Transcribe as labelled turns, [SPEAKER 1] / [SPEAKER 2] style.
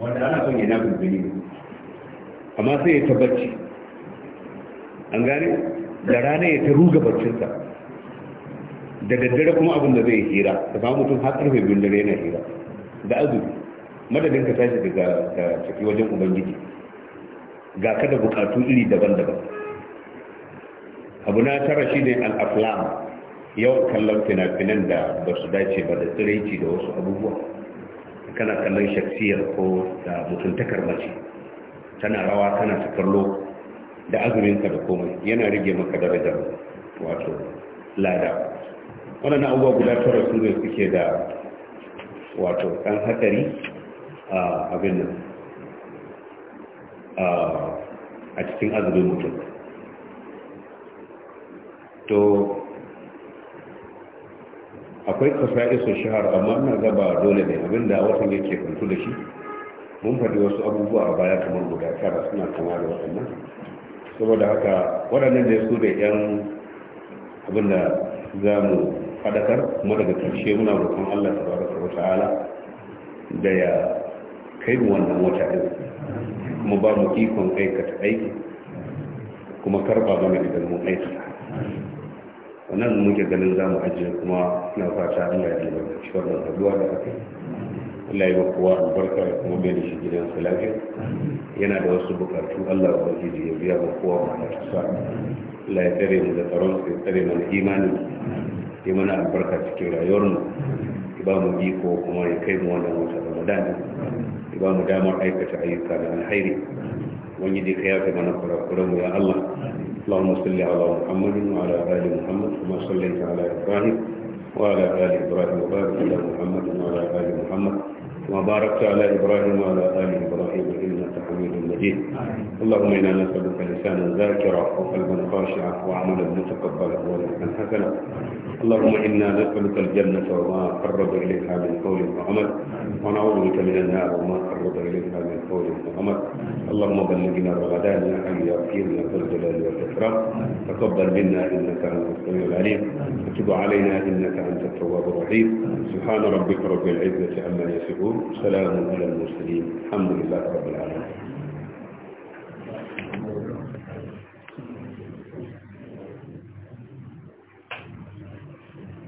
[SPEAKER 1] wanda ana son yana gungumi amma sai ya ta bacci an gane da rana ya ta ruga baccinsa da daddare kuma abin da zai hira da samu mutum har karfe biyun dare yana hira da azumi madadin ka tashi daga tafi wajen ubangiji ga ka da bukatu iri daban-daban abu na tara shi ne al'aflam yawan kallon fina-finan da ba su dace ba da tsiraici da wasu abubuwa kana kallon shaksiyar ko da mutuntakar mace tana rawa tana ta da azuminka da komai yana rige maka darajar wato lada wadannan abubuwa guda tara su ne suke da wato ɗan hatsari a abin nan a cikin azumin mutum to akwai iso shahar amma ina gaba dole ne abinda watan yake kuntu da shi mun faɗi wasu abubuwa a baya kamar guda tara suna kama da waɗannan saboda haka waɗannan da su da yan abinda za mu faɗakar kuma daga ƙarshe muna roƙon allah ta baraka wa ta'ala da ya kai mu wannan wata ɗin kuma ba mu ikon aikata aiki kuma karɓa mana idan mun aikata a nan muke ganin za mu ajiye kuma na fata an yaji mai cikin wannan haduwa da aka Allah ya kowa albarka ya kuma bai da shi gidan salafi yana da wasu bukatu Allah ya ubangiji ya biya wa kowa ma na tusa Allah ya tsare mu da tsaron ya tsare mana imani ya mana albarka cikin rayuwarmu ya ba mu iko kuma ya kai mu wannan wata Ramadan ya ba mu damar aikata ayyuka da alheri wani da ka yafe mana mu ya Allah اللهم صل على محمد وعلى آل محمد كما صليت على إبراهيم وعلى آل إبراهيم وبارك على محمد وعلى آل محمد باركت على إبراهيم وعلى آل إبراهيم إنك حميد مجيد اللهم إنا نسألك لسانا ذاكرا وقلبا خاشعا وعملا متقبلا ورزقا حسنا اللهم إنا نسألك الجنة وما قرب إليها من قول وعمل ونعوذ بك من النار وما قرب إليها من قول وعمل اللهم بلغنا رمضان ان يغفرنا ذو الجلال والاكرام تقبل منا انك انت السميع العليم وتب علينا انك انت التواب الرحيم سبحان ربك رب العزه عما يصفون سلام على المرسلين الحمد لله رب العالمين